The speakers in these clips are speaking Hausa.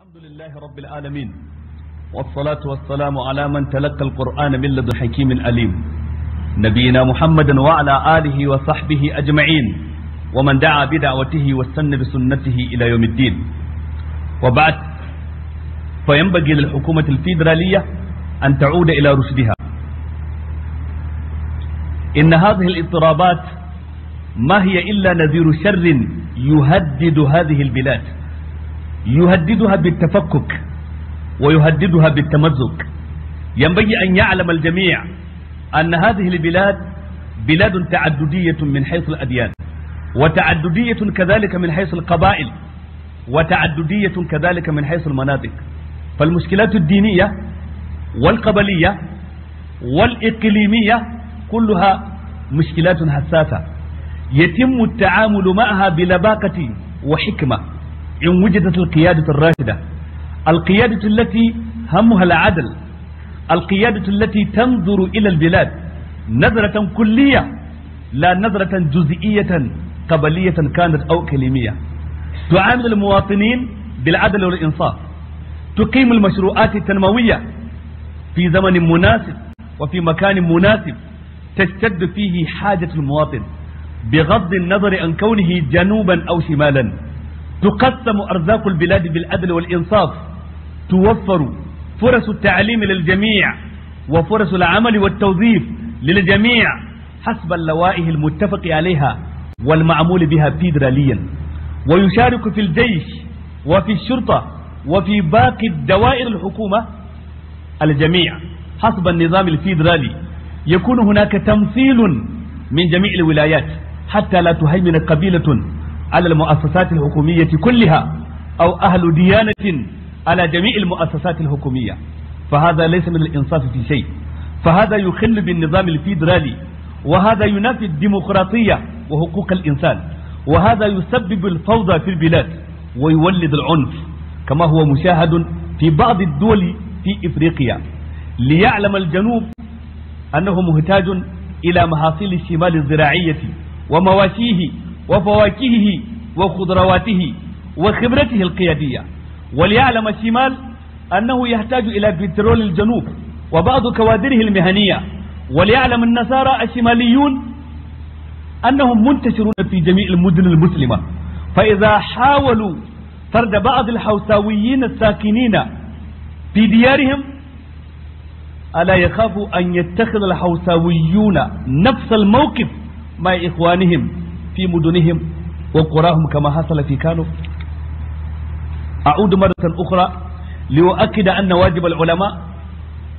الحمد لله رب العالمين والصلاة والسلام على من تلقى القرآن من لدن حكيم أليم نبينا محمد وعلى آله وصحبه أجمعين ومن دعا بدعوته واستنى بسنته إلى يوم الدين وبعد فينبغي للحكومة الفيدرالية أن تعود إلى رشدها إن هذه الاضطرابات ما هي إلا نذير شر يهدد هذه البلاد يهددها بالتفكك ويهددها بالتمزق ينبغي أن يعلم الجميع أن هذه البلاد بلاد تعددية من حيث الأديان وتعددية كذلك من حيث القبائل وتعددية كذلك من حيث المناطق فالمشكلات الدينية والقبلية والإقليمية كلها مشكلات حساسة يتم التعامل معها بلباقة وحكمة إن وجدت القيادة الراشدة القيادة التي همها العدل القيادة التي تنظر إلى البلاد نظرة كلية لا نظرة جزئية قبلية كانت أو كلمية تعامل المواطنين بالعدل والإنصاف تقيم المشروعات التنموية في زمن مناسب وفي مكان مناسب تشتد فيه حاجة المواطن بغض النظر عن كونه جنوبا أو شمالا تقسم أرزاق البلاد بالعدل والإنصاف توفر فرص التعليم للجميع وفرص العمل والتوظيف للجميع حسب اللوائح المتفق عليها والمعمول بها فيدراليا ويشارك في الجيش وفي الشرطة وفي باقي الدوائر الحكومة الجميع حسب النظام الفيدرالي يكون هناك تمثيل من جميع الولايات حتى لا تهيمن قبيلة على المؤسسات الحكومية كلها أو أهل ديانة على جميع المؤسسات الحكومية فهذا ليس من الإنصاف في شيء فهذا يخل بالنظام الفيدرالي وهذا ينافي الديمقراطية وحقوق الإنسان وهذا يسبب الفوضى في البلاد ويولد العنف كما هو مشاهد في بعض الدول في إفريقيا ليعلم الجنوب أنه محتاج إلى محاصيل الشمال الزراعية ومواشيه وفواكهه وخضرواته وخبرته القيادية وليعلم الشمال أنه يحتاج إلى بترول الجنوب وبعض كوادره المهنية وليعلم النصارى الشماليون أنهم منتشرون في جميع المدن المسلمة فإذا حاولوا فرد بعض الحوساويين الساكنين في ديارهم ألا يخاف أن يتخذ الحوساويون نفس الموقف مع إخوانهم في مدنهم وقراهم كما حصل في كانوا أعود مرة أخرى لأؤكد أن واجب العلماء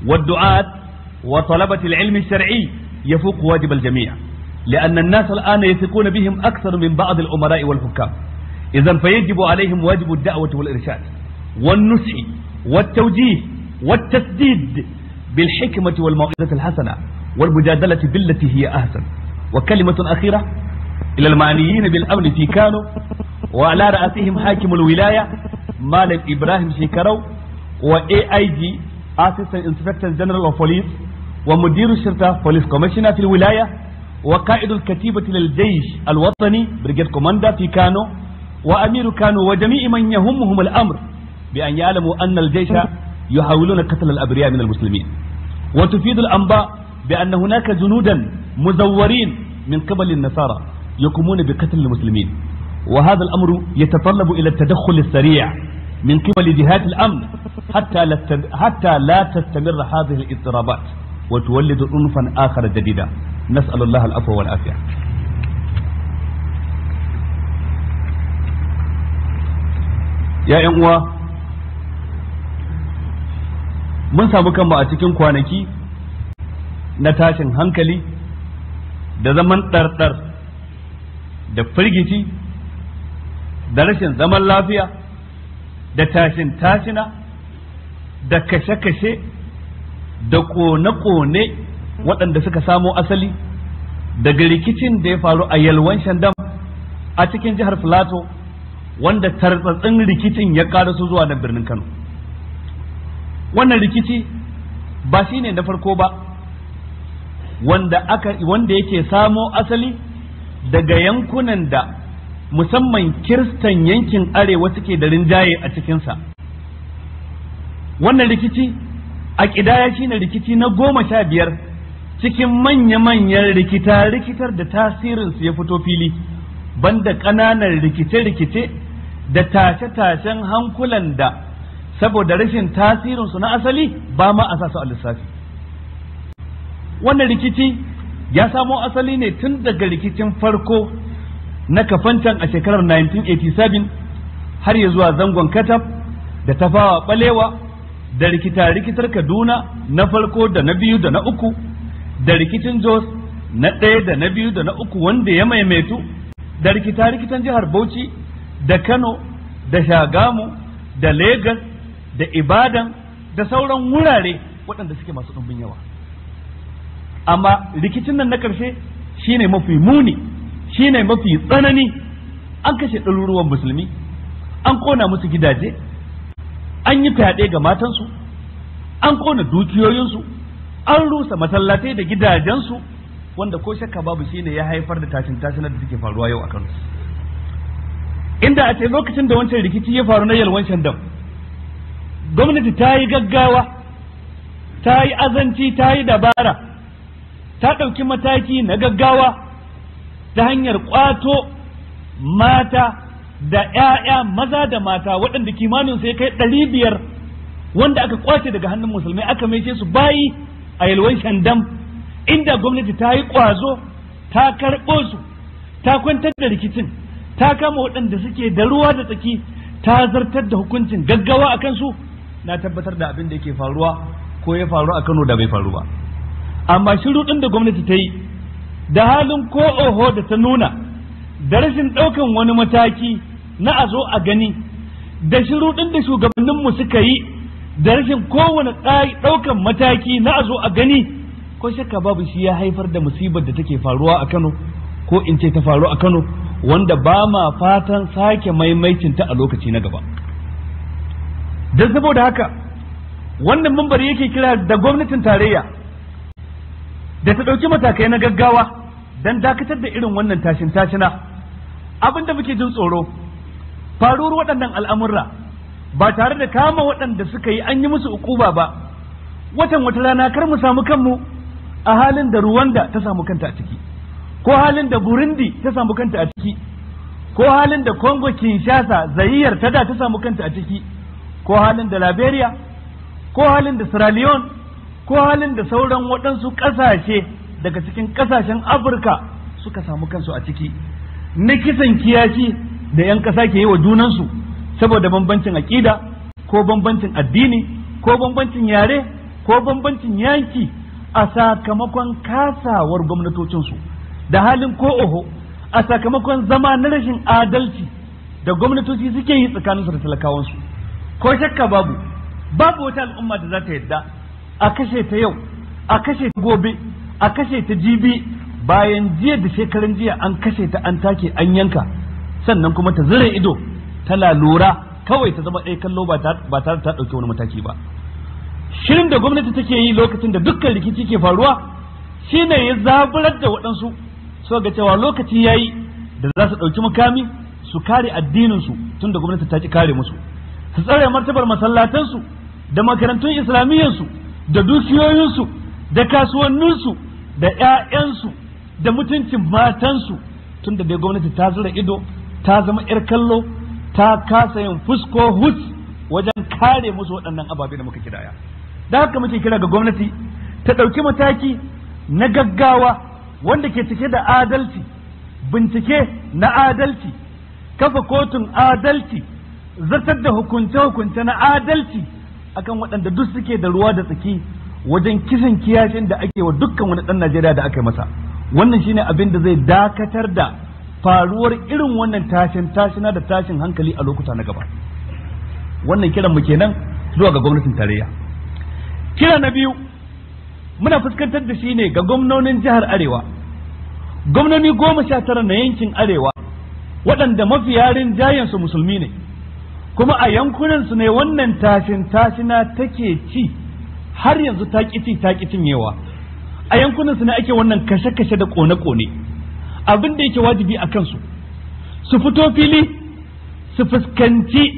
والدعاة وطلبة العلم الشرعي يفوق واجب الجميع لأن الناس الآن يثقون بهم أكثر من بعض الأمراء والحكام إذا فيجب عليهم واجب الدعوة والإرشاد والنصح والتوجيه والتسديد بالحكمة والموعظة الحسنة والمجادلة بالتي هي أحسن وكلمة أخيرة ila almaniyin bil amn fi kano wa ala ra'asihim hakimul wilaya malam ibrahim shekarau wa aig assistant inspector general of police wa mudiru shirta police commissioner fil wilaya وقائد الكتيبة للجيش الوطني بريجيت كوماندا في كانو وأمير كانو وجميع من يهمهم الأمر بأن يعلموا أن الجيش يحاولون قتل الأبرياء من المسلمين وتفيد الأنباء بأن هناك جنودا مزورين من قبل النصارى يقومون بقتل المسلمين وهذا الأمر يتطلب إلى التدخل السريع من قبل جهات الأمن حتى لا حتى لا تستمر هذه الاضطرابات وتولد أنفا آخر جديدا نسأل الله العفو والعافية ya ‘yan uwa mun samu kanmu a cikin kwanaki na tashin hankali da zaman ɗarɗar da firgici da rashin zaman lafiya da tashin tashina da kashe-kashe da kone-kone waɗanda suka samo asali daga rikicin da ya faru a yalwan shandam a cikin jihar filato wanda tartsatsin rikicin ya ƙara su zuwa nan birnin kano wannan rikici ba shine na farko ba wanda yake samo asali daga yankunan da musamman kirstan yankin arewa suke da rinjaye a cikinsa wannan rikici a ƙidaya shine rikici na goma sha biyar cikin manya-manyan rikita rikitar da tasirinsu ya fito fili banda ƙananan rikice-rikice da tashe-tashen hankulan da saboda rashin tasirinsu na asali ba ma a sa su a lissafi wannan rikici ya samo asali ne tun daga rikicin farko na kafantan a shekarar 1987 har ya zuwa zangon katab da tafawa balewa da rikita rikitar kaduna na farko da na biyu da na uku da rikicin jos na ɗaya da na biyu da na uku wanda ya maimaitu da rikita rikitan jihar bauchi da kano da shagamu da Legas da ibadan da sauran wurare waɗanda suke masu ɗumbin yawa amma rikicin nan na karshe shine mafi muni shine mafi tsanani an kashe ɗaruruwan musulmi an kona musu gidaje an yi fyaɗe ga matansu an kona dukiyoyinsu an rusa masallatai da gidajensu wanda ko shakka babu shine ya haifar da tashin tashin da suke faruwa yau a Kano inda a ce lokacin da wancan rikici ya faru na yalwan shandam gwamnati ta yi gaggawa ta yi azanci ta yi dabara ta ɗauki mataki na gaggawa ta hanyar ƙwato mata da ‘ya'ya maza da mata waɗanda kimanin sai kai ɗari biyar wanda aka ƙwace daga hannun musulmai aka maishe su bayi a yalwan shandam inda gwamnati ta yi ƙwazo ta karɓo su ta kwantar da rikicin ta kama waɗanda suke da ruwa da tsaki ta zartar da hukuncin gaggawa a kansu na tabbatar da abin da yake faruwa ko ya faru a kano da bai faru ba amma shiru ɗin da gwamnati ta yi da halin ko oho da ta nuna da rashin ɗaukan wani mataki na a zo a gani da shiru ɗin da shugabanninmu suka yi da rashin kowane ɗaukan mataki na a zo a gani ko shakka babu shi ya haifar da musibar da take faruwa a kano ko in ce ta faru a kano wanda ba ma fatan sake ta a lokaci na gaba don saboda haka wannan mambar yake kira da gwamnatin tarayya da ta ɗauki matakai na gaggawa don dakatar da irin wannan tashin tashina abin da muke jin tsoro faruwar waɗannan al'amurra ba tare da kama waɗanda suka yi an yi musu ukuba ba watan wata rana kar mu samu kanmu a halin da Rwanda ta samu kanta a ciki ko halin da Burundi ta samu kanta a ciki ko halin da Congo Kinshasa zayyar ta da ta samu kanta a ciki ko halin da Liberia ko halin da Sierra ko halin da sauran waɗansu ƙasashe daga cikin ƙasashen afirka suka samu kansu a ciki na kisan kiyashi da 'yan ƙasa ke yi wa junansu saboda bambancin aƙida ko bambancin addini ko bambancin yare ko bambancin yanki a sakamakon kasawar gwamnatocinsu da halin ko oho a sakamakon zama na rashin adalci da gwamnatoci suke yi tsakaninsu da talakawansu ko shakka babu babu wata al'umma da za ta yadda a kashe ta yau a kashe ta gobe a kashe ta jibi bayan jiya da shekaran jiya an kashe ta an take an yanka sannan kuma ta zira ido ta lalura kawai ta zama ɗaya kallo ba tare ta ɗauki wani mataki ba shirin da gwamnati take yi lokacin da dukkan rikici ke faruwa shine ya zaburar da waɗansu so ga cewa lokaci ya yi da za su ɗauki mukami su kare addininsu tunda gwamnati ta ki kare musu su tsare martabar masallatansu da makarantun islamiyyarsu da dukiyoyinsu da kasuwanninsu da 'ya'yansu da mutuncin matansu tun da dai gwamnati ta zura ido ta zama 'yar kallo ta kasa yin fusko hus wajen kare musu waɗannan ababe da muka kidaya da haka muke kira ga gwamnati ta ɗauki mataki na gaggawa wanda ke cike da adalci bincike na adalci kafa kotun adalci zartar da hukunce-hukunce na adalci akan waɗanda duk suke da ruwa da tsaki wajen kisan kiyashin da ake wa dukkan wani ɗan Najeriya da aka yi masa wannan shine abin da zai dakatar da faruwar irin wannan tashin tashina da tashin hankali a lokuta na gaba wannan kiran mu kenan zuwa ga gwamnatin tarayya kira na biyu muna fuskantar da shi ne ga gwamnonin jihar arewa gwamnoni goma sha tara na yankin arewa waɗanda mafiya rinjayensu musulmi ne kuma a yankunan su ne wannan tashin tashina take ci har yanzu ta ci ta yawa a yankunan su ne ake wannan kashe-kashe da kone-kone abin da yake wajibi a kansu su fito fili su fuskanci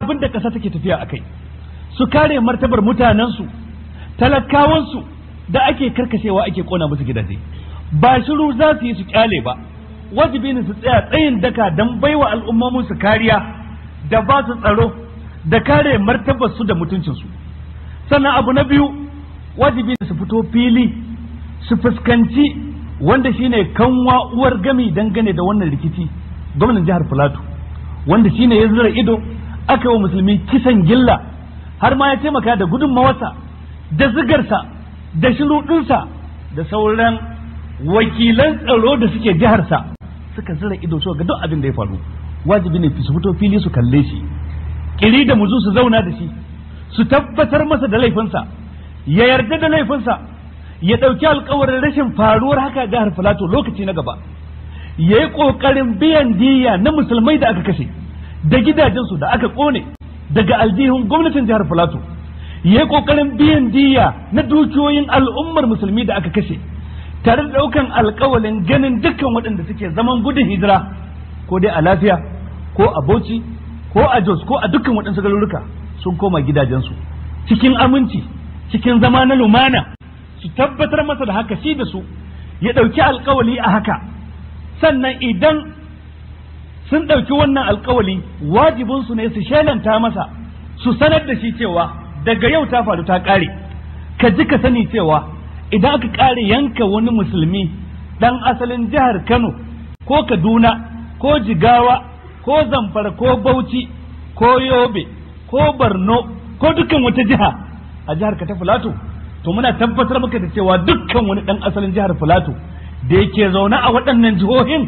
abin da ƙasa take tafiya a kai su kare martabar mutanensu talakawansu da ake karkashewa ake ƙona musu gidaje ba shiru za su yi su kyale ba wajibi ne su tsaya tsayin daka don baiwa al'ummomin su kariya da ba su tsaro da kare martabar su da mutuncinsu. sannan abu na biyu wajibi ne su fito fili su fuskanci wanda shine kanwa uwar gami dangane da wannan rikici gwamnan jihar Filato wanda shine ya zura ido aka wa musulmi kisan gilla har ma ya taimaka da gudunmawarsa da zigarsa da shiruɗinsa da sauran wakilan tsaro da suke jiharsa suka zira ido cewa ga duk abin da ya faru wajibi ne su fito fili su kalle shi kiri da muzu su zauna da shi su tabbatar masa da laifinsa ya yarda da laifinsa ya ɗauki alkawarin rashin faruwar haka ga harfalato lokaci na gaba ya yi ƙoƙarin biyan diyya na musulmai da aka kashe da gidajensu da aka ƙone daga aljihun gwamnatin jihar filato ya yi ƙoƙarin biyan diyya na dukiyoyin al'ummar musulmi da aka kashe tare da ɗaukan alkawalin ganin dukkan waɗanda suke zaman gudun hijira ko dai a lafiya ko a bauchi ko a jos ko a dukkan waɗansu garuruka sun koma gidajensu cikin aminci cikin zama na lumana su tabbatar masa da haka shi da su ya ɗauki alkawali a haka sannan idan sun ɗauki wannan alkawali wajibinsu ne su shelanta masa su sanar da shi cewa daga yau ta faru ta ƙare ka ji ka sani cewa idan aka ƙare yanka wani musulmi ɗan asalin jihar kano ko kaduna ko jigawa ko zamfara ko bauchi ko yobe ko borno ko dukkan wata jiha a jihar ka ta filato to muna tabbatar maka da cewa dukkan wani ɗan asalin jihar filato da yake zaune a waɗannan jihohin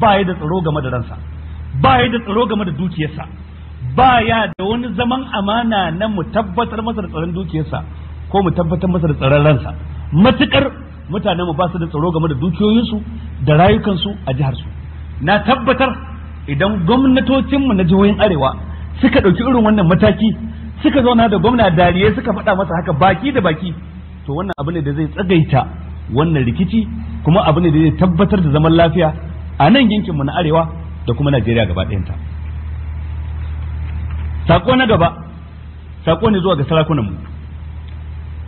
ba ya da tsaro game da ransa ba ya da tsaro game da dukiyarsa ba ya da wani zaman amana na mu tabbatar masa da tsaron dukiyarsa ko mu tabbatar masa da tsaron ransa matukar mutanen mu ba su da tsaro game da dukiyoyinsu da rayukansu a jiharsu na tabbatar idan gwamnatocinmu na jihohin arewa suka ɗauki irin wannan mataki suka zauna da gwamna dariye suka faɗa masa haka baki da baki to wannan abu ne da zai tsagaita wannan rikici kuma abu ne da zai tabbatar da zaman lafiya a nan yankinmu na arewa da kuma najeriya gaba ɗayanta sako na gaba sako ne zuwa ga sarakunanmu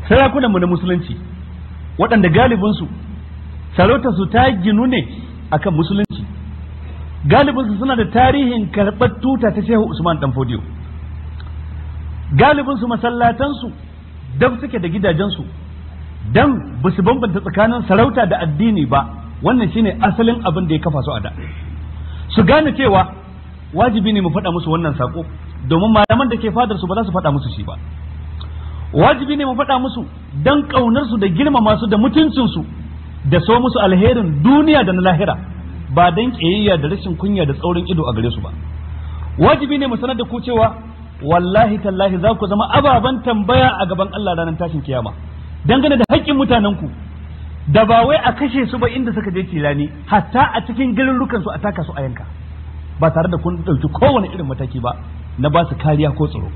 sarakunanmu na musulunci waɗanda galibinsu sarautarsu ta ginu ne akan musulunci galibinsu suna da tarihin karɓar tuta ta shehu usman dan fodiyo galibinsu masallatansu dab suke da gidajensu dan ba su bambanta tsakanin sarauta da addini ba wannan shine asalin abin da ya kafa su a da su gane cewa wajibi ne mu faɗa musu wannan sako domin malaman da ke fadarsu su ba za su faɗa musu shi ba wajibi ne mu faɗa musu dan ƙaunarsu su da girmama su da mutuncin su da so musu alherin duniya da na lahira ba dan ƙiyayya da rashin kunya da tsaurin ido a gare su ba wajibi ne mu sanar da ku cewa wallahi tallahi za ku zama ababen tambaya a gaban Allah ranar tashin kiyama dangane da haƙƙin mutanen ku da ba wai a kashe su ba inda suka je tilani hatta a cikin garurukan su a taka su a yanka ba tare da kun ɗauki kowane irin mataki ba na ba su kariya ko tsaro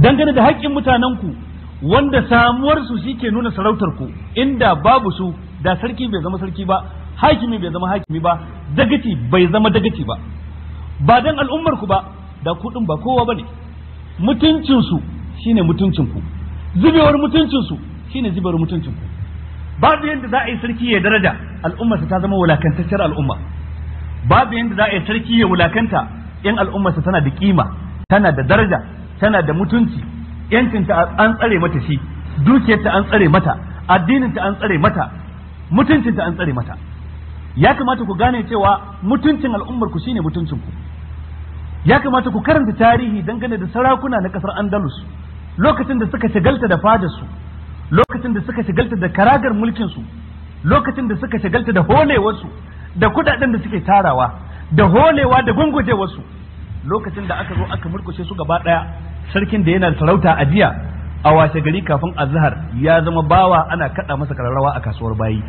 dangane da haƙƙin mutanenku wanda samuwarsu shi ke nuna sarautarku inda babu su da sarki bai zama sarki ba hakimi bai zama hakimi ba dagaci bai zama dagaci ba ba dan al'ummarku ba da kuɗin ba kowa ba ne mutuncinsu shine mutuncinku zubewar mutuncinsu shine zubewar mutuncinku babu yadda za a yi sarki ya daraja al'ummarsa ta zama wulakantacciyar al'umma babu yadda za a yi sarki ya wulakanta in al'ummarsa tana da kima tana da daraja tana da mutunci yancinta an tsare mata shi dukiyarta an tsare mata addininta an tsare mata mutuncinta an tsare mata ya kamata ku gane cewa mutuncin al'ummar ku shine mutuncin ku ya kamata ku karanta tarihi dangane da sarakuna na kasar Andalus lokacin da suka shagalta da fadarsu lokacin da suka shagalta da karagar mulkin su lokacin da suka shagalta da holewarsu da kudaden da suke tarawa da holewa da gungujewarsu lokacin da aka zo aka murkushe su gaba daya sarkin da yana sarauta a jiya a washe gari kafin azhar ya zama bawa ana kada masa kararrawa a kasuwar bayi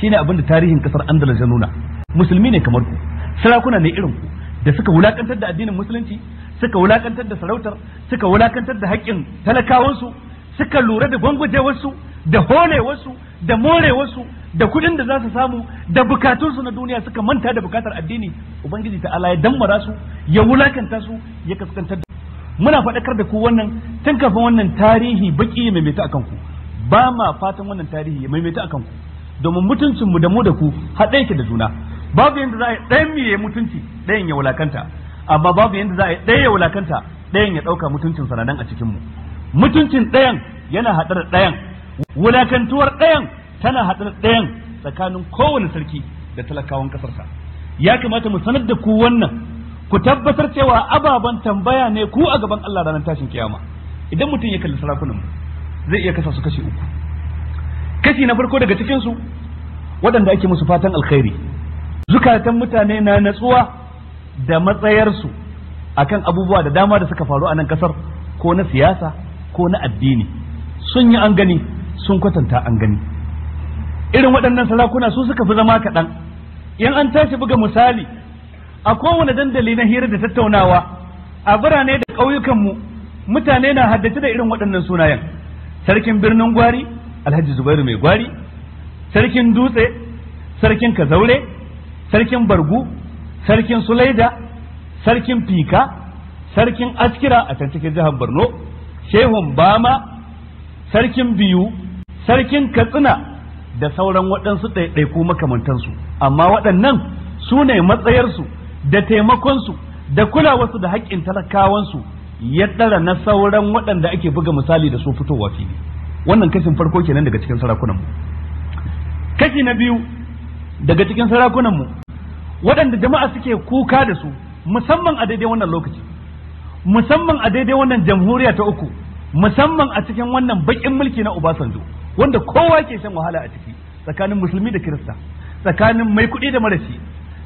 shine abin da tarihin kasar Andalus ya nuna musulmi ne kamar ku sarakuna ne irin ku da suka wulakantar da addinin musulunci suka wulakantar da sarautar suka wulakantar da haƙƙin talakawansu suka lura da gwangwajewarsu da wasu da more wasu da kudin da za su samu da bukatunsu na duniya suka manta da bukatar addini ubangiji ta Ala ya dammara su ya wulakanta su ya kaskantar da muna faɗakar da ku wannan tun kafin wannan tarihi baki ya maimaita akan ku ba ma fatan wannan tarihi ya maimaita akan ku domin mutuncin mu da mu da ku haɗe yake da juna babu yadda za a yi ɗayan mu ya mutunci ɗayan ya wulakanta amma babu yadda za a yi ɗayan ya wulakanta ɗayan ya ɗauka mutuncin sanadan a cikin mu mutuncin ɗayan yana haɗar ɗayan wulakantuwar ɗayan tana haɗar ɗayan tsakanin kowane sarki da talakawan ƙasarsa ya kamata mu sanar da ku wannan ku tabbatar cewa ababen tambaya ne ku a gaban Allah ranar tashin kiyama idan mutum ya kalli sarakunan zai iya kasa su kashi uku kashi na farko daga cikin su waɗanda ake musu fatan alkhairi zukatan mutane na natsuwa da matsayarsu akan abubuwa da dama da suka faru a nan kasar ko na siyasa ko na addini sun yi an gani sun kwatanta an gani irin waɗannan sarakuna su suka fi zama kaɗan in an tashi buga misali a kowane dandali na hira da tattaunawa a birane da ƙauyukanmu mutane na haddace da irin waɗannan sunayen sarkin birnin gwari alhaji zubairu mai gwari sarkin dutse sarkin kazaure sarkin bargu sarkin sulaida sarkin fika sarkin askira a can cikin jihar borno shehun bama sarkin biyu sarkin katsina da sauran waɗansu ɗaiɗaiku makamantansu amma waɗannan su ne matsayarsu da taimakonsu da kulawarsu da haƙƙin talakawansu ya ɗara na sauran waɗanda ake buga misali da su fitowa fili wannan kashin farko kenan daga cikin sarakunanmu kashi na biyu daga cikin sarakunanmu waɗanda jama'a suke kuka da su musamman a daidai wannan lokaci musamman a daidai wannan jamhuriya ta uku musamman a cikin wannan baƙin mulki na Obasanjo wanda kowa ke shan wahala a ciki tsakanin musulmi da kirista tsakanin mai kuɗi da marashi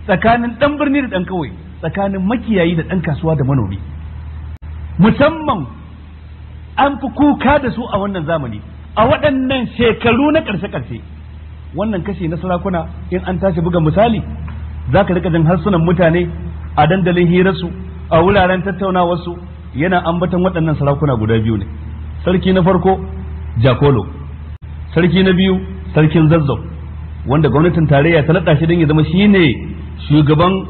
tsakanin ɗan birni da ɗan kawai tsakanin makiyayi da ɗan kasuwa da manomi musamman an fi kuka da su a wannan zamani a waɗannan shekaru na ƙarshe-ƙarshe wannan kashe na sarakuna in an tashi buga misali za ka rika jin harsunan mutane a dandalin hirarsu a wuraren tattaunawarsu yana ambatan waɗannan sarakuna guda biyu ne sarki na farko jakolo sarki na biyu sarkin zazzau wanda gwamnatin tarayya ta naɗa shi don ya zama shi ne shugaban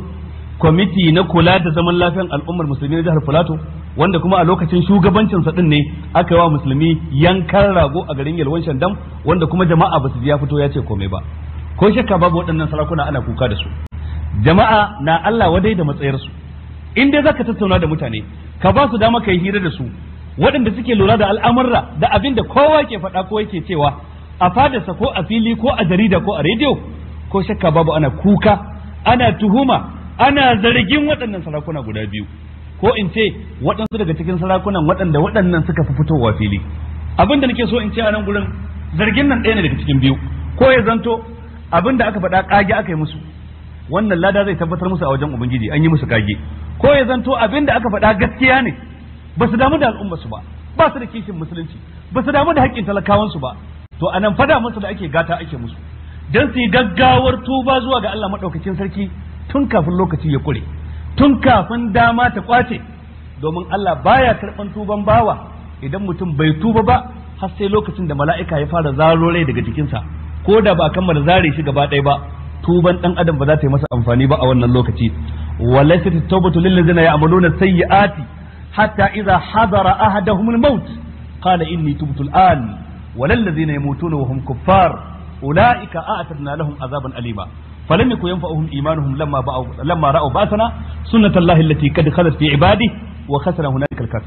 kwamiti na kula da zaman lafiyan al'ummar musulmi na jihar filato wanda kuma a lokacin shugabancin sa din ne aka yi wa musulmi yankan rago a garin yalwan shandam wanda kuma jama'a ba su ya fito ya ce komai ba ko shakka babu waɗannan sarakuna ana kuka da su jama'a na Allah wadai da matsayar su in dai zaka tattauna da mutane ka ba su dama kai hira da su waɗanda suke lura da al'amurra da abin da kowa ke faɗa ko yake cewa a fadarsa ko a fili ko a jarida ko a rediyo ko shakka babu ana kuka ana tuhuma ana zargin waɗannan sarakuna guda biyu ko in ce waɗansu daga cikin sarakunan waɗanda waɗannan suka fi fitowa fili abin da nake so in ce a nan gurin zargin nan ɗaya ne daga cikin biyu ko ya zanto abin da aka faɗa ƙage aka yi musu wannan lada zai tabbatar musu a wajen ubangiji an yi musu ƙage ko ya zanto abin da aka faɗa gaskiya ne ba su damu da al'ummarsu ba ba su da kishin musulunci ba su damu da haƙƙin talakawansu ba to a fada musu da ake gata ake musu don su yi gaggawar tuba zuwa ga Allah maɗaukacin sarki tun kafin lokaci ya kure tun kafin dama ta kwace domin Allah baya karɓan tuban bawa idan mutum bai tuba ba har sai lokacin da mala'ika ya fara zaro rai daga jikinsa ko da ba a kammala zare shi gaba ɗaya ba tuban ɗan adam ba za ta yi masa amfani ba a wannan lokaci walaysa tawbatu lil ladzina ya'maluna sayyi'ati hatta idza hadara ahaduhum al-maut qala inni tubtu al-an walal ladzina yamutuna wa hum kuffar ulaika a'tadna lahum azaban alima falam yakun yanfa'uhum imanuhum lamma ba'u lamma ra'u ba'sana sunnatullahi allati kad khalat fi ibadi wa khasara hunalika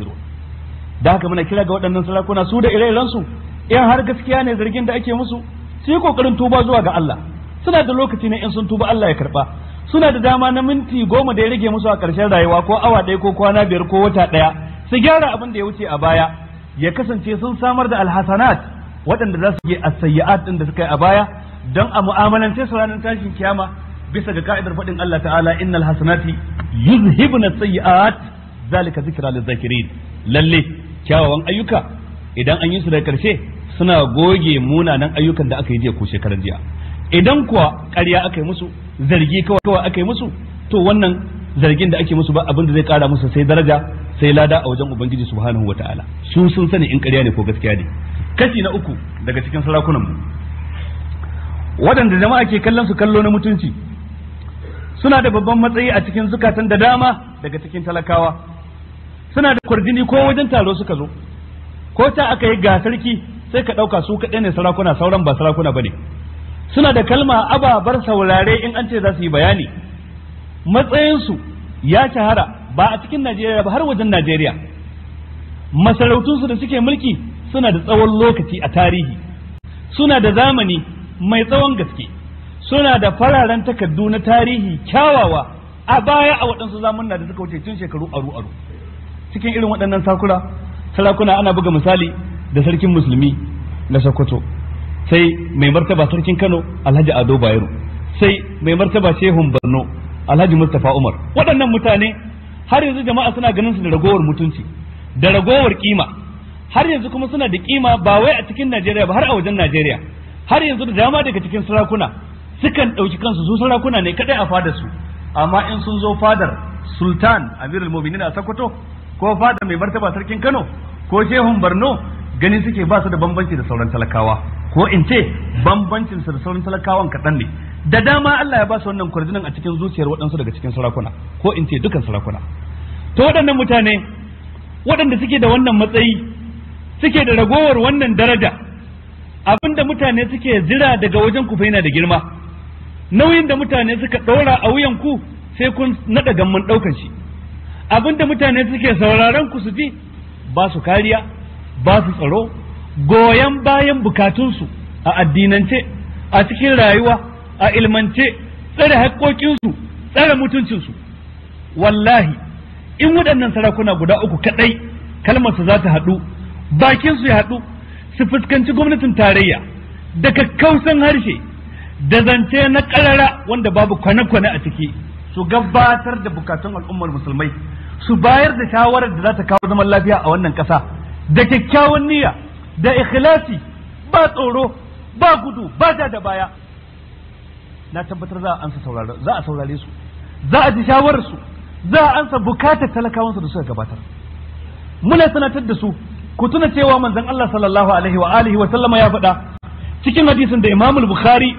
da haka muna kira ga waɗannan sarakuna su da ire-iren su in har gaskiya ne zargin da ake musu su yi kokarin tuba zuwa ga Allah suna da lokaci ne in sun tuba Allah ya karba suna da dama na minti goma da ya rage musu a ƙarshen rayuwa ko awa ɗaya ko kwana biyar ko wata ɗaya su gyara abin da ya wuce a baya ya kasance sun samar da alhasanat waɗanda za su yi a sayyiat ɗin da suka yi a baya don a mu'amalance su ranar tashin kiyama bisa ga ka'idar faɗin Allah ta'ala innal hasanati yuzhibuna as-sayyi'at zalika zikra lizakirin zakiri. lalle kyawawan ayyuka idan an yi su da karshe suna goge munanan ayyukan da aka yi jiya ko shekaran jiya idan kuwa ƙarya aka yi musu zargi kawai aka yi musu to wannan zargin da ake musu ba abin da zai kara musu sai daraja sai lada a wajen ubangiji subhanahu wataala su sun sani in ƙarya ne ko gaskiya ne kashi na uku daga cikin sarakunan waɗanda jama'a ke kallon su kallo na mutunci suna da babban matsayi a cikin zukatan da dama daga cikin talakawa suna da kwarjini ko wajen taro suka zo ko ta aka yi gasarki sai ka ɗauka su kaɗai ne sarakuna sauran ba sarakuna ba ne suna da kalma ababar saurare in an ce za su yi bayani matsayinsu ya shahara ba a cikin najeriya ba har wajen najeriya masarautunsu da suke mulki suna da tsawon lokaci a tarihi suna da zamani mai tsawon gaske suna da fararen takardu na tarihi kyawawa a baya a waɗansu zamanna da suka wuce tun shekaru aru aru cikin irin waɗannan sakura sarakuna ana buga misali da sarkin musulmi na sokoto sai mai martaba sarkin kano alhaji ado bayero sai mai martaba shehun borno alhaji mustapha umar waɗannan mutane har yanzu jama'a suna ganin su da ragowar mutunci da ragowar kima har yanzu kuma suna da kima ba wai a cikin Najeriya ba har a wajen Najeriya har yanzu da dama daga cikin sarakuna sukan ɗauki kansu su sarakuna ne kadai a fadar su amma in sun zo fadar sultan amirul mu'minin a Sokoto ko fadar mai martaba sarkin Kano ko shehun Borno gani suke ba su da bambanci da sauran talakawa ko in ce bambancin su da sauran talakawan kaɗan ne da dama Allah ya ba su wannan kwarjinin a cikin zuciyar waɗansu daga cikin sarakuna ko in ce dukan sarakuna to waɗannan mutane waɗanda suke da wannan matsayi suke da ragowar wannan daraja abinda mutane suke jira daga wajen ku yana da girma nauyin da mutane suka ɗora a wuyan ku sai kun naɗa gamman ɗaukan shi abinda mutane suke sauraron ku su ji ba su kariya ba su tsaro goyon bayan bukatunsu a addinance a cikin rayuwa a ilmance tsare haƙoƙinsu tsare mutuncinsu wallahi in waɗannan sarakuna guda uku kaɗai kalmarsu za ta haɗu bakin su ya haɗu su fuskanci gwamnatin tarayya da kakkausan harshe da zance na ƙarara wanda babu kwane-kwane a ciki su gabatar da bukatun al'ummar musulmai su bayar da shawarar da za ta kawo zaman lafiya a wannan ƙasa da kyakkyawan niyya da ikhlasi ba tsoro ba gudu ba da da baya na tabbatar za a ansa saurare za a saurare su za a ji shawarar su za a ansa bukatar talakawansu da suka gabatar muna sanatar da su ku tuna cewa manzon Allah sallallahu alaihi wa alihi wa sallama ya faɗa cikin hadisin da Imam Bukhari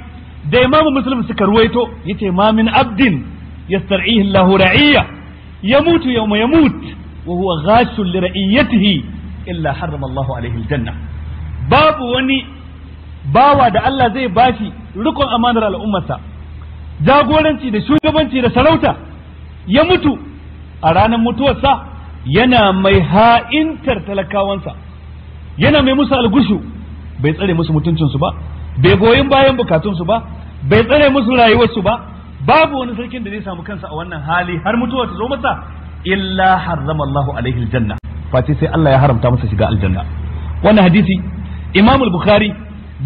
da Imam Muslim suka ruwaito yace ma min abdin yastar'ihi Allahu ra'iyya yamutu yawma yamut wa huwa ghashun li ra'iyatihi illa harrama Allahu alaihi janna babu wani bawa da Allah zai bashi rikon amanar al'ummarsa jagoranci da shugabanci da sarauta ya mutu a ranar mutuwarsa yana mai ha'intar talakawansa yana mai musu algushu bai tsare musu mutuncinsu ba bai goyin bayan bukatunsu ba bai tsare musu rayuwarsu ba babu wani sarkin da zai samu kansa a wannan hali har mutuwa ta zo masa illa harrama Allahu alaihi aljanna face sai Allah ya haramta masa shiga aljanna wannan hadisi Imam al-Bukhari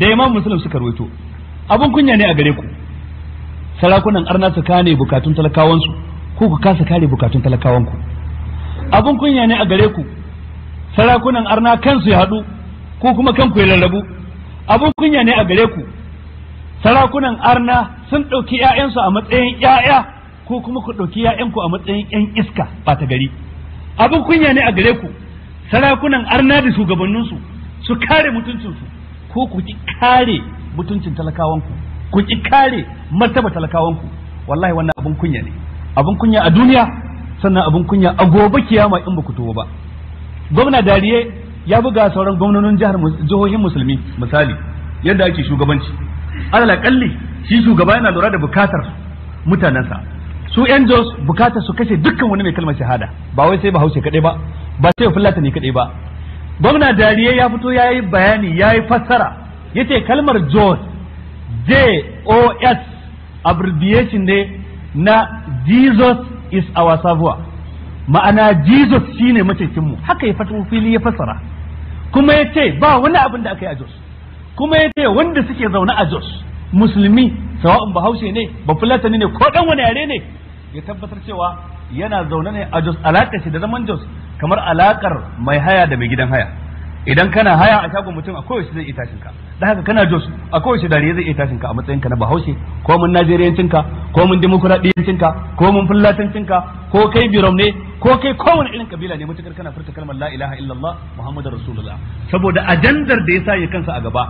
da Imam Muslim suka rawaito abun kunya ne a gare ku sarakunan arna su kane bukatun talakawansu ko ku kasa kare bukatun talakawanku abun kunya ne a gare ku sarakunan arna kansu ya haɗu ko kuma kanku ya rarrabu abun kunya ne a gare ku sarakunan arna sun ɗauki 'ya'yansu a matsayin 'ya'ya ko kuma ku ɗauki 'ya'yanku a matsayin 'yan iska ba ta gari abun kunya ne a gare ku sarakunan arna da shugabanninsu su kare mutuncinsu ko ku ki kare mutuncin talakawanku ku ki kare martaba talakawanku wallahi wannan abun kunya ne abun kunya a duniya sannan abin kunya a gobe kiyama in ba ku tuwo ba gwamna dariye ya buga sauran gwamnonin jihar jihohin musulmi misali yadda ake shugabanci alal kalli shi shugaba yana lura da bukatar mutanensa su yan jos bukatar su kashe dukkan wani mai kalmar shahada ba wai sai bahaushe kadai ba ba sai fulata ne kadai ba gwamna dariye ya fito ya yi bayani ya yi fassara ya ce kalmar jos j o s abbreviation ne na jesus is our savior ma'ana jesus shine mataikin mu haka ya fito fili ya fassara kuma ya ce ba wani abin da aka yi a jos kuma ya ce wanda suke zaune a jos musulmi sawa'un bahaushe ne ba fulatani ne ko dan wani yare ne ya tabbatar cewa yana zaune ne a jos alaka shi da zaman jos kamar alakar mai haya da mai gidan haya idan kana haya a shagon mutum a kowace zai iya tashin ka da haka kana jos a kowace dariya zai iya tashin ka a matsayin ka na bahaushe ko mun najeriyancin ka ko mun demokradiyyancin ka ko mun fullatancin ka ko kai birom ne ko kai kowane irin kabila ne matukar kana furta kalmar la ilaha illallah muhammadur rasulullah saboda ajandar da ya sa ya kansa a gaba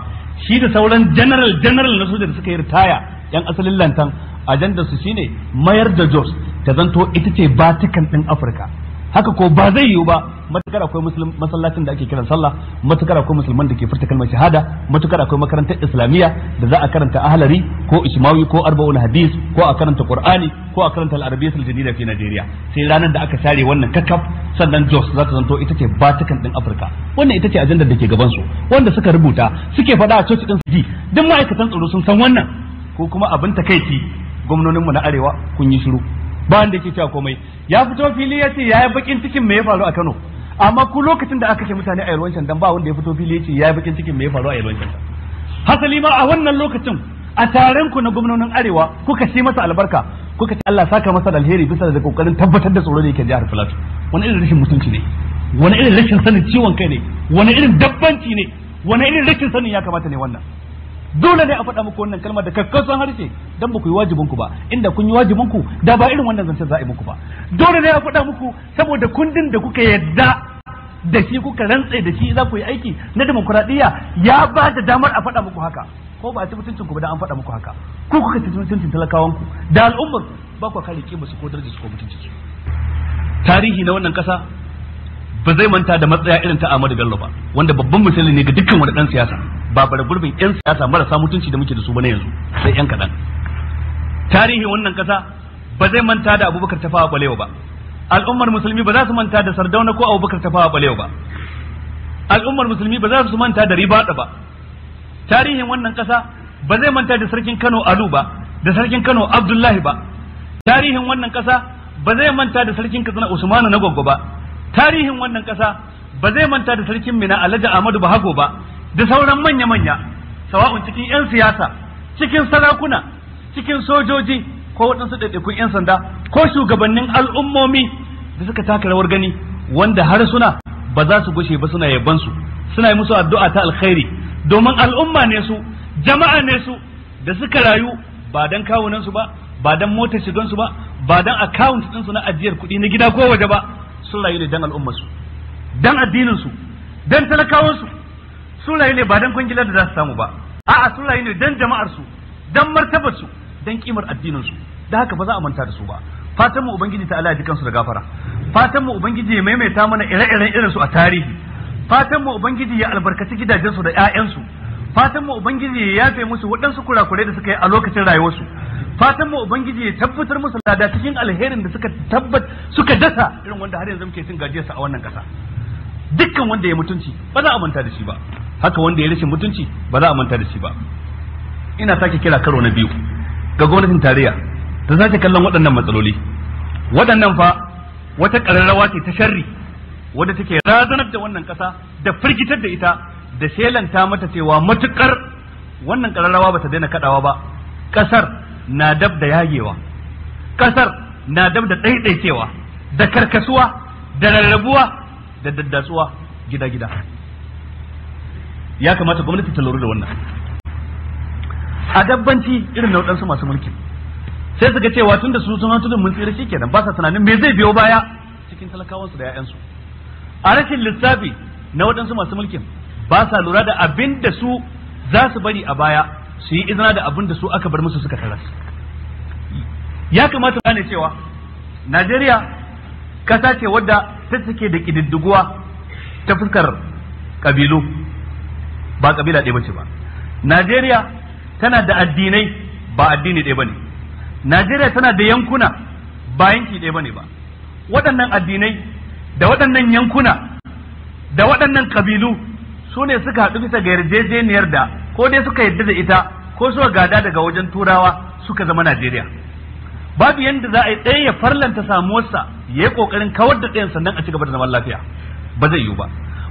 shi da sauran general janaral na soja da suka yi ritaya yan asalin lantan ajandar su shine mayar da jos ta zanto ita ce batikan din afirka haka ko ba zai yiwu ba matukar akwai masallacin da ake kiran sallah matukar akwai musulman da ke furta kalmar shahada matukar akwai makarantar islamiyya da za a karanta ahlari ko ismawi ko arba'un hadis ko a karanta qur'ani ko a karanta al-arabiyyatul jadida fi najeriya sai ranar da aka share wannan kakaf sannan jos za ta zanto ita ce batukan din afirka wannan ita ce ajandar da ke gaban su wanda suka rubuta suke faɗa a coci din su ji duk ma'aikatan tsaro sun san wannan ko kuma abin takaici mu na arewa kun yi shiru ba wanda yake cewa komai ya fito fili ya ce yayi bakin cikin me ya faru a Kano amma ku lokacin da aka ce mutane a yalwancan dan ba wanda ya fito fili ya ce yayi bakin cikin me ya faru a yalwancan hasali ma a wannan lokacin a taron ku na gwamnonin arewa kuka shi masa albarka kuka ce Allah saka masa alheri bisa da kokarin tabbatar da tsoro da yake jihar Filato wani irin rashin mutunci ne wani irin rashin sanin ciwon kai ne wani irin dabbanci ne wani irin rashin sanin ya kamata ne wannan dole ne a faɗa muku wannan kalmar da kakkasan harshe dan ba ku yi wajibinku ba inda kun yi wajibinku da ba irin wannan zancen za a yi muku ba dole ne a faɗa muku saboda kundin da kuka yadda da shi kuka rantse da shi za ku yi aiki na demokuraɗiyya ya ba da damar a faɗa muku haka ko ba a ci mutuncin ku ba da an faɗa muku haka ko kuka ci mutuncin talakawan ku da al'ummar ba ku kare kima su ko darajar su ko mutunci tarihi na wannan ƙasa ba zai manta da matsaya irin ta Ahmadu Bello ba wanda babban misali ne ga dukkan wani dan siyasa ba bara gurbin yan siyasa marasa mutunci da muke da su bane yanzu sai yan kadan tarihin wannan kasa ba zai manta da Abubakar Tafawa Balewa ba al'ummar musulmi ba za su manta da Sardauna ko Abubakar Tafawa Balewa ba al'ummar musulmi ba za su manta da Ribada ba tarihin wannan kasa ba zai manta da sarkin Kano Alu ba da sarkin Kano Abdullahi ba tarihin wannan kasa ba zai manta da sarkin Katsina Usmanu na Goggo ba tarihin wannan ƙasa ba zai manta da sarkin mina alhaji ahmadu bahago ba da sauran manya-manya sawa'un cikin 'yan siyasa cikin sarakuna cikin sojoji ko waɗansu ɗaiɗaikun 'yan sanda ko shugabannin al'ummomi da suka taka rawar gani wanda har suna ba za su gushe ba suna yabansu suna yi musu addu'a ta alkhairi domin al'umma ne su jama'a ne su da suka rayu ba dan kawunan su ba ba dan motar shigan su ba ba dan account din su na ajiyar kuɗi na gida ko waje ba sun rayu ne dan al'ummar su dan addinin su dan talakawan su sun rayu ne ba dan kungilar da za su samu ba a'a sun rayu ne dan jama'ar su dan martabar su dan kimar addinin su da haka ba za a manta da su ba fatan mu ubangiji ta Allah ya kansu da gafara fatan mu ubangiji ya maimaita mana ire-iren irin su a tarihi fatan mu ubangiji ya albarkaci gidajen su da ƴaƴan su fatan mu ubangiji ya yafe musu waɗansu kurakurai da suka yi a lokacin rayuwarsu fatan mu ubangiji ya tabbatar musu da cikin alherin da suka tabbat suka dasa irin wanda har yanzu muke cin gajiyarsa a wannan kasa dukkan wanda ya mutunci ba za a manta da shi ba haka wanda ya rashin mutunci ba za a manta da shi ba ina sake kira karo na biyu ga gwamnatin tarayya ta sake kallon waɗannan matsaloli waɗannan fa wata ƙararrawa ce ta sharri wadda take razanar da wannan ƙasa da firgitar da ita da shelanta mata cewa matukar wannan ƙararrawa ba ta daina kaɗawa ba ƙasar na dab da yagewa kasar na dab da ɗaiɗaikewa da karkasuwa da rarrabuwa da daddatsuwa gida-gida ya kamata gwamnati ta lura da wannan a dabbanci irin na waɗansu masu mulki sai su ga cewa tun da su sun hantun mun tsira kenan ba sa tunanin me zai biyo baya cikin talakawansu da 'ya'yansu a rashin lissafi na waɗansu masu mulkin ba sa lura da abin da su za su bari a baya su yi izina da abin da su aka bar musu suka taras ya kamata gane cewa Najeriya kasa ce wadda ta take da kididdiguwa ta fuskar kabilu ba kabila ɗaya bace ba Najeriya tana da addinai ba addini ɗaya bane Najeriya tana da yankuna ba yanki ɗaya bane ba waɗannan addinai da waɗannan yankuna da waɗannan kabilu su ne suka haɗu bisa ga yarjejeniyar da ko dai suka yadda da ita ko suka gada daga wajen turawa suka zama Najeriya babu yanda za a yi ɗaya ya farlanta samuwarsa ya yi ƙoƙarin kawar da ɗayan sannan a ci gaba da zaman lafiya ba zai yiwu ba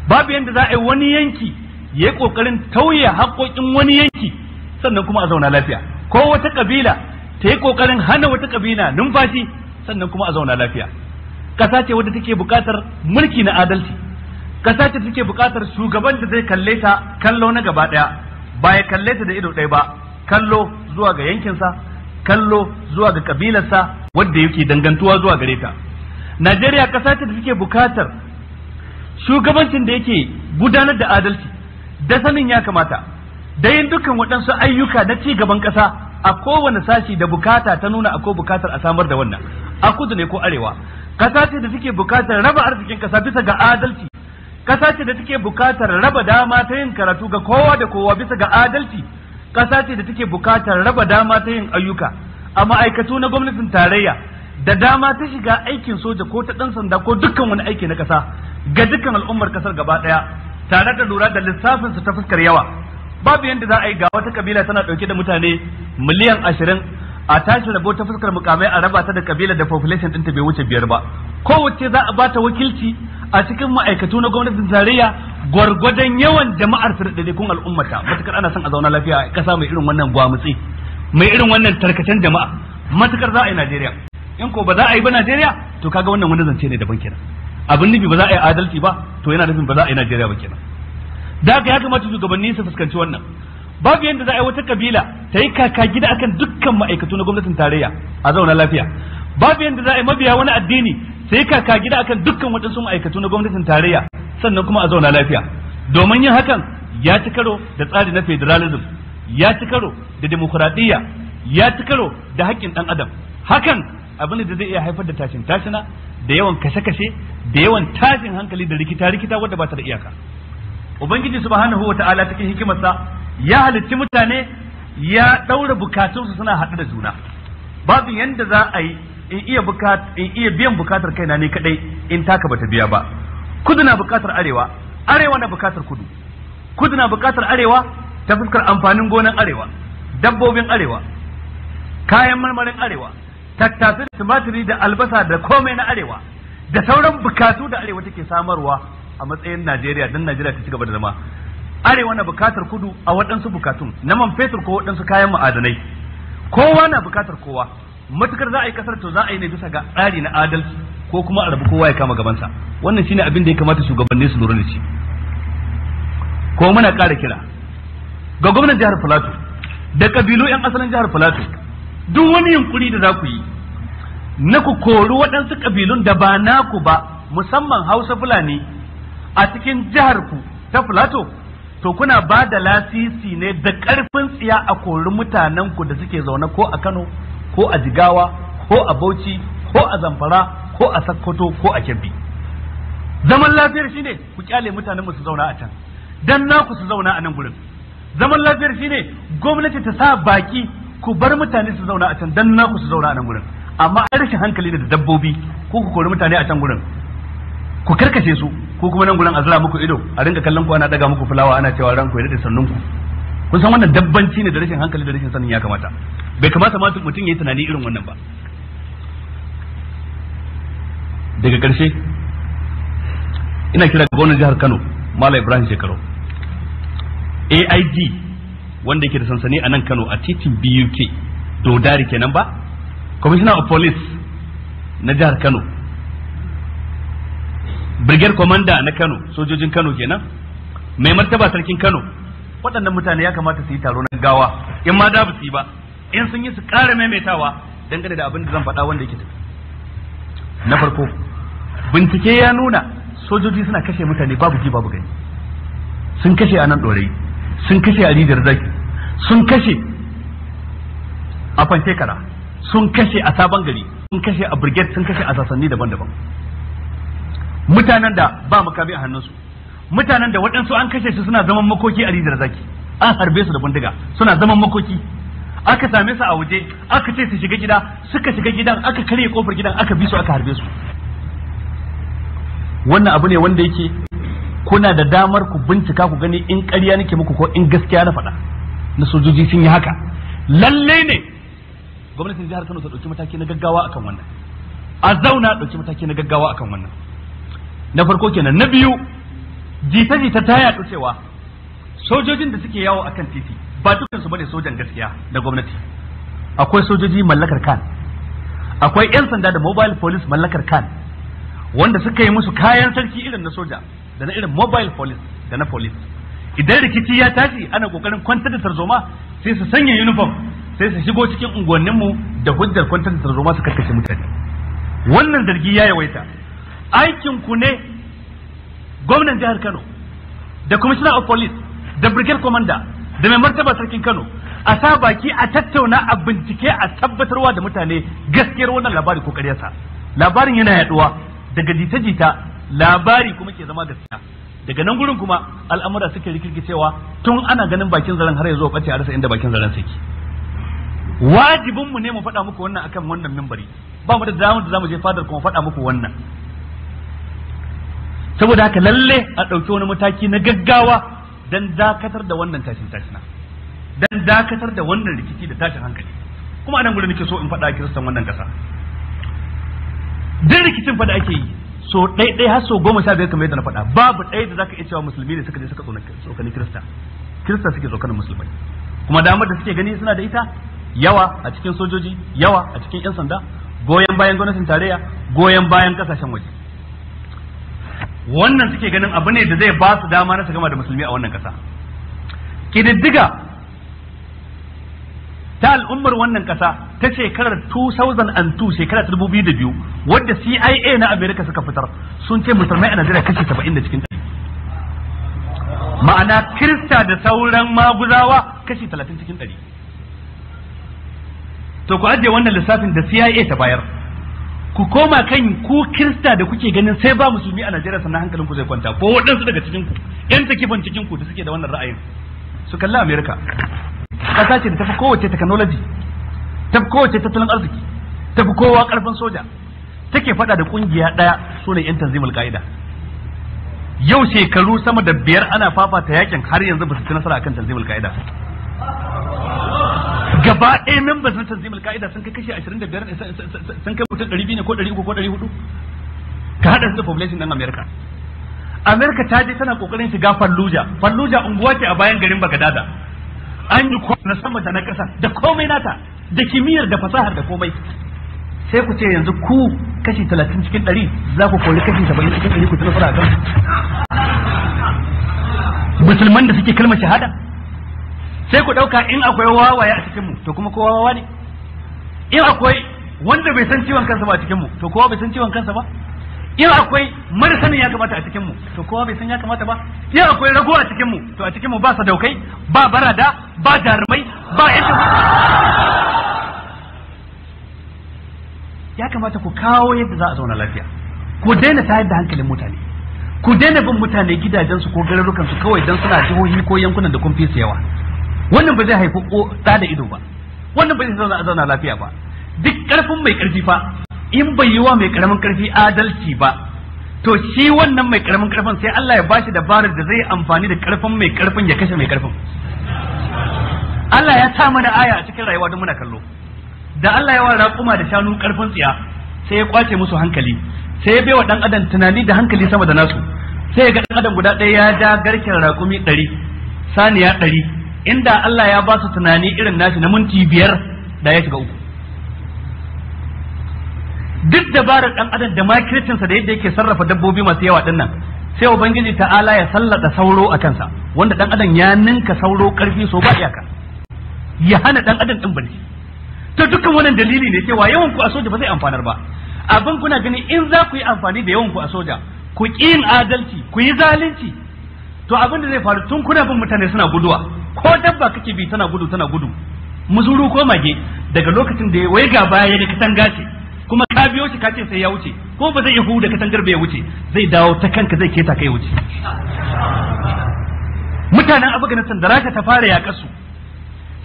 babu yanda za a yi wani yanki ya yi ƙoƙarin tauye haƙoƙin wani yanki sannan kuma a zauna lafiya ko wata ƙabila ta yi ƙoƙarin hana wata ƙabila numfashi sannan kuma a zauna lafiya ƙasa ce wadda take buƙatar mulki na adalci ƙasa ce take buƙatar shugaban da zai kalle ta kallo na gaba ɗaya ba ya kalle ta da ido ɗaya ba kallo zuwa ga yankinsa kallo zuwa ga kabilarsa wadda yake dangantuwa zuwa gare ta Najeriya kasa ce da take bukatar shugabancin da yake gudanar da adalci da sanin ya kamata da yin dukkan waɗansu ayyuka na ci gaban ƙasa a kowane sashi da bukata ta nuna akwai bukatar a samar da wannan a kudu ne ko arewa kasa ce da suke bukatar raba arzikin ƙasa bisa ga adalci ƙasa ce da take bukatar raba dama ta yin karatu ga kowa da kowa bisa ga adalci ƙasa ce da take bukatar raba dama ta yin ayyuka a ma'aikatu na gwamnatin tarayya da dama ta shiga aikin soja ko ta ɗan sanda ko dukkan wani aiki na ƙasa ga dukkan al'ummar ƙasar gaba ɗaya tare da lura da lissafin su ta fuskar yawa babu yadda za a yi ga wata kabila tana ɗauke da mutane miliyan ashirin a tashi rabo ta fuskar mukamai a raba ta da kabila da population ɗinta bai wuce biyar ba kowace za a bata wakilci a cikin ma'aikatu na gwamnatin tarayya gwargwadon yawan jama'ar su da kun al'ummata matukar ana son a zauna lafiya a ƙasa mai irin wannan gwamnati. mai irin wannan tarkacen jama'a matukar za a yi Najeriya in ko ba za a yi ba Najeriya to kaga wannan wani zance ne daban kenan abin nufi ba za a yi adalci ba to yana nufin ba za a yi Najeriya ba kenan da haka ya kamata shugabanni su fuskanci wannan babu yadda za a yi wata kabila ta yi kaka gida akan dukkan ma'aikatu na gwamnatin tarayya a zauna lafiya babu yadda za a yi mabiya wani addini ta yi kaka gida akan dukkan waɗansu ma'aikatu na gwamnatin tarayya sannan kuma a zauna lafiya domin yin hakan ya ci karo da tsari na federalism ya ci karo da demokuraɗiyya ya ci karo da haƙƙin ɗan adam hakan abin da zai iya haifar da tashin tashina da yawan kashe-kashe da yawan tashin hankali da rikita-rikita wadda ba ta da iyaka ubangiji subhanahu wa ta'ala cikin hikimarsa ya halitti mutane ya ɗaura bukatunsu suna haɗu da juna babu yadda za a yi in iya in iya biyan bukatar kaina ne kadai in taka bata biya ba kudu na bukatar arewa arewa na bukatar kudu kudu na bukatar arewa ta fuskar amfanin gonan arewa dabbobin arewa kayan marmarin arewa tattasai da tumatiri da albasa da komai na arewa da sauran bukatu da arewa take samarwa a matsayin najeriya don najeriya ta ci gaba da zama arewa na bukatar kudu a waɗansu bukatun na man fetur ko waɗansu kayan ma'adanai kowa na bukatar kowa matukar za a yi kasar to za a yi ne bisa ga tsari na adalci ko kuma a rabu kowa ya kama gabansa wannan shine abin da ya kamata shugabanni su lura da shi ko muna ƙara kira ga gwamnan jihar Filato da kabilu yan asalin jihar Filato duk wani yunkuri da za ku yi na ku kori waɗansu kabilun da ba naku ba musamman Hausa Fulani a cikin jihar ku ta Filato to kuna ba da lasisi ne da ƙarfin tsiya a kori mutanen ku da suke zaune ko a Kano ko a Jigawa ko a Bauchi ko a Zamfara ko a Sokoto ko a Kebbi zaman lafiyar shine ku kyale mutanen mu su zauna a can dan ku su zauna a nan gurin zaman lafiyar shine gwamnati ta sa baki ku bar mutane su zauna a can dan ku su zauna a nan gurin amma a rashin hankali da dabbobi ko ku kori mutane a can gurin ku karkace su ko kuma nan gurin a zura muku ido a dinga kallon ku ana daga muku fulawa ana cewa ku ya dade sannun ku kun san wannan dabbanci ne da rashin hankali da rashin sanin ya kamata bai kamata ma mutum ya yi tunani irin wannan ba daga ƙarshe ina kira ga gwamnan jihar Kano Malam Ibrahim Shekaru AIG wanda yake da sansani a nan Kano a titin BUK Dodari kenan ba Commissioner of Police na jihar Kano brigade commander na Kano sojojin Kano kenan mai martaba sarkin Kano waɗannan mutane ya kamata su yi taro na gawa in ma da su yi ba in sun yi su ƙara maimaitawa dangane da abin da zan faɗa wanda yake tafi na farko bincike ya nuna sojoji suna kashe mutane babu ji babu gani sun kashe a nan ɗorayi sun kashe a rijiyar zaki sun kashe a fanke kara sun kashe a sabon gari sun kashe a brigade sun kashe a sassanni daban-daban mutanen da ba makami a hannunsu mutanen da waɗansu an kashe su suna zaman makoki a rijiyar zaki an harbe su da bindiga suna zaman makoki aka same su a waje aka ce su shiga gida suka shiga gidan aka karye kofar gidan aka bi su aka harbe su wannan abu ne wanda yake kuna da damar ku bincika ku gani in ƙarya nake muku ko in gaskiya na faɗa na sojoji sun yi haka lalle ne gwamnatin jihar Kano ta ɗauki mataki na gaggawa akan wannan a zauna ɗauki mataki na gaggawa akan wannan na farko kenan na biyu jita-jita ta yaɗu cewa sojojin da suke yawo akan titi ba dukkan su bane sojan gaskiya da gwamnati akwai sojoji mallakar kan akwai 'yan sanda da mobile police mallakar kan wanda suka yi musu kayan sarki irin na soja da na irin mobile police da na police idan rikici ya tashi ana kokarin kwantar da tarzoma sai su sanya uniform sai su shigo cikin unguwanninmu da hujjar kwantar da tarzoma su karkashe mutane wannan zargi ya yawaita aikin ku ne gwamnan jihar Kano da commissioner of police da brigade commander da mai martaba sarkin Kano a sa baki a tattauna a bincike a tabbatarwa da mutane gaskiyar wannan labari ko karyarsa labarin yana yaduwa daga jita-jita labari kuma ke zama gaskiya daga nan gurin kuma al'amura suke rikirkicewa tun ana ganin bakin zaren har yanzu bace a rasa inda bakin zaren suke wajibinmu ne mu faɗa muku wannan akan wannan mimbari ba mu da damar da zamu je fadar kuma faɗa muku wannan saboda haka lalle a ɗauki wani mataki na gaggawa don dakatar da wannan tashin tashina don dakatar da wannan rikici da tashin hankali kuma anan gudu nake so in faɗa kiristan wannan ƙasa duk rikicin fada ake yi so ɗai ɗai har so goma sha biyar kamar yadda na faɗa babu ɗai da zaka iya cewa musulmi ne suka je suka tsokani kirista kirista suke tsokanin musulmai kuma damar da suke gani suna da ita yawa a cikin sojoji yawa a cikin yan sanda goyon bayan gwamnatin tarayya goyon bayan kasashen waje wannan suke ganin abu ne da zai ba su dama na su gama da musulmi a wannan kasa kididdiga ta al'ummar wannan kasa ta shekarar 2002 shekara 2002 wadda CIA na Amerika suka fitar sun ce musulmai a Najeriya kashi 70 da cikin ma'ana kirista da sauran maguzawa kashi 30 cikin ɗari to ku ajiye wannan lissafin da CIA ta bayar ku koma kan ku kirista da kuke ganin sai ba musulmi a Najeriya sannan hankalinku zai kwanta ko waɗansu daga cikin ku yan takifan cikin ku da suke da wannan ra'ayin su kalli America kasa ce da tafi kowace technology tafi kowace tattalin arziki tafi kowa karfin soja take fada da kungiya daya sunan yan tanzimul qaida yau shekaru sama da biyar ana fafata yakin har yanzu ba su ci nasara akan tanzimul qaida gaba ɗaya members na tanzimul ka'ida sun kai kashi 25 sun kai mutum 200 ne ko 300 ko 400 ka hada su da population ɗin America America ta je tana kokarin shiga falluja falluja unguwa ce a bayan garin bagadada an yi na sama da na ƙasa da komai nata da kimiyyar da fasahar da komai sai ku ce yanzu ku kashi 30 cikin 100 za ku kori kashi 70 cikin 100 ku tuna fara kan musulman da suke kalmar shahada sai ku ɗauka in akwai wawaye a cikin mu to kuma kowa wawa ne in akwai wanda bai san ciwon kansa ba a cikin mu to kowa bai san ciwon kansa ba in akwai marasanin ya kamata a cikin mu to kowa bai san ya kamata ba in akwai rago a cikin mu to a cikin mu ba sadaukai ba barada ba jarumai ba yadda ya kamata ku kawo yadda za a zauna lafiya ku daina tayar da hankalin mutane ku daina bin mutane gidajensu ko su kawai don suna jihohi ko yankunan da kun fi su yawa wannan ba zai haifi da da ido ba wannan ba zai zauna zauna lafiya ba duk karfin mai karfi fa in bai yi wa mai karamin karfi adalci ba to shi wannan mai karamin karfin sai Allah ya bashi dabarar da zai amfani da karfin mai karfin ya kashe mai karfin Allah ya sa mana aya a cikin rayuwa don muna kallo da Allah ya wa raƙuma da shanu karfin tsiya sai ya kwace musu hankali sai ya baiwa dan adam tunani da hankali sama da nasu sai ya ga dan adam guda ɗaya ya ja garken raƙumi ɗari saniya ɗari inda Allah ya ba su tunani irin nashi na minti biyar da ya shiga uku duk dabarar dan adam da makircinsa da yadda yake sarrafa dabbobi masu yawa dinnan sai ubangiji ta'ala ya sallata sauro a kansa wanda dan adam ya ninka sauro karfi so ba iyaka ya hana dan adam din barci to dukkan wannan dalili ne cewa yawan ku a soja ba zai amfanar ba abin kuna gani in za ku yi amfani da yawan ku a soja ku ƙi yin adalci ku yi zalunci to abin da zai faru tun kuna bin mutane suna guduwa ko dabba kake bi tana gudu tana gudu muzuru ko mage daga lokacin da ya ga baya ya ga katanga ce kuma ka biyo shi ka ce sai ya wuce ko ba zai iya da katangar bai wuce zai dawo ta kanka zai keta kai wuce mutanen na da raka ta fara ya su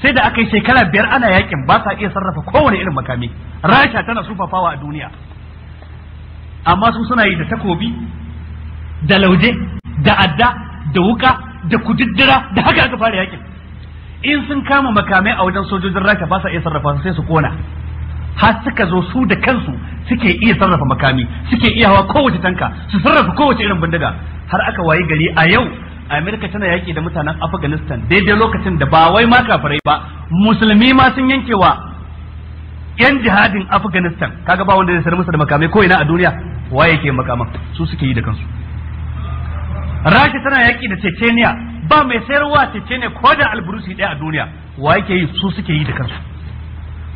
sai da aka yi shekara biyar ana yakin ba sa iya sarrafa kowane irin makami rasha tana sufafawa a duniya amma su suna yi da takobi da lauje da adda da wuka da kududdura da haka aka fara yakin in sun kama makamai a wajen sojojin rasha ba sa iya sarrafa su sai su kona har suka zo su da kansu suke iya sarrafa makami suke iya hawa kowace tanka su sarrafa kowace irin bindiga har aka wayi gari a yau amerika tana yaki da mutanen afghanistan daidai lokacin da ba wai ma kafirai ba musulmi ma sun yankewa yan jihadin afghanistan kaga ba wanda zai sarrafa da makamai ko ina a duniya waye ke makaman su suke yi da kansu rashi tana yaƙi da ceceniya ba mai sayarwa ceceniya ko da alburusi ɗaya a duniya wa yake yi su suke yi da kansu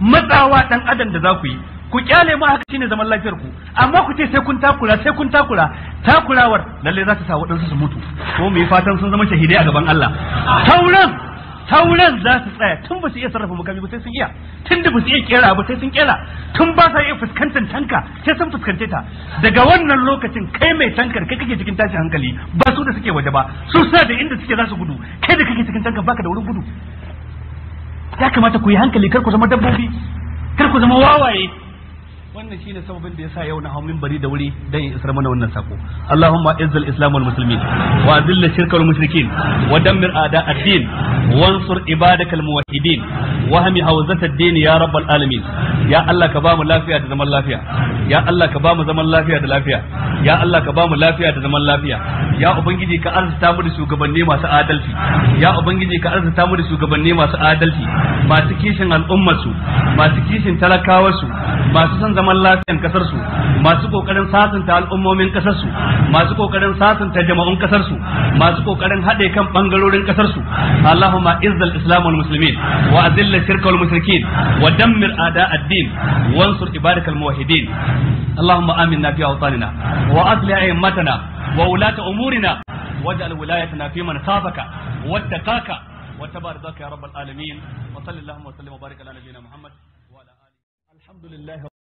matsawa ɗan adam da za ku yi ku kyale ma haka shine zaman lafiyar ku amma ku ce sai kun takura sai kun takura takurawar lallai za ta sa waɗansu su mutu ko mu yi fatan sun zama shahidai a gaban Allah sauran sauran za su tsaya tun ba su iya sarrafa makami ba sai sun iya tun da ba su iya kera ba sai sun kera tun ba sa iya fuskantar tanka sai sun fuskante ta daga wannan lokacin kai mai tankar kai kake cikin tashin hankali ba su da suke waje ba su sa da inda suke za su gudu kai da kake cikin tankar baka da wurin gudu ya kamata ku yi hankali kar ku zama dabbobi kar ku zama wawaye wannan shine sababin da yasa yau na hau minbari da wuri dan in isar mana wannan sako Allahumma izzil islam wal muslimin wa azil shirka wal mushrikin wa dammir a'da ad-din wansur ibadakal muwahhidin wa hami hawzat din ya rabbal alamin ya Allah ka bamu lafiya da zaman lafiya ya Allah ka bamu zaman lafiya da lafiya ya Allah ka bamu lafiya da zaman lafiya ya ubangiji ka arzuta mu da shugabanni masu adalci ya ubangiji ka arzuta mu da shugabanni masu adalci masu kishin al'ummarsu masu kishin talakawarsu masu son zaman zaman lafiyan kasar su masu kokarin sasanta al'ummomin kasar su masu kokarin sasanta jama'un kasar su masu kokarin haɗe kan bangarorin kasar su Allahumma izzal islam wal muslimin wa azilla shirka wal mushrikin wa dammir a'da ad-din wansur ibadak al muwahhidin Allahumma aminna fi awtanina wa asli a'immatana wa ulata umurina واجعل ولايتنا في من خافك واتقاك وتبارك ذاك يا رب العالمين وصلى اللهم وسلم وبارك على نبينا محمد وعلى اله الحمد لله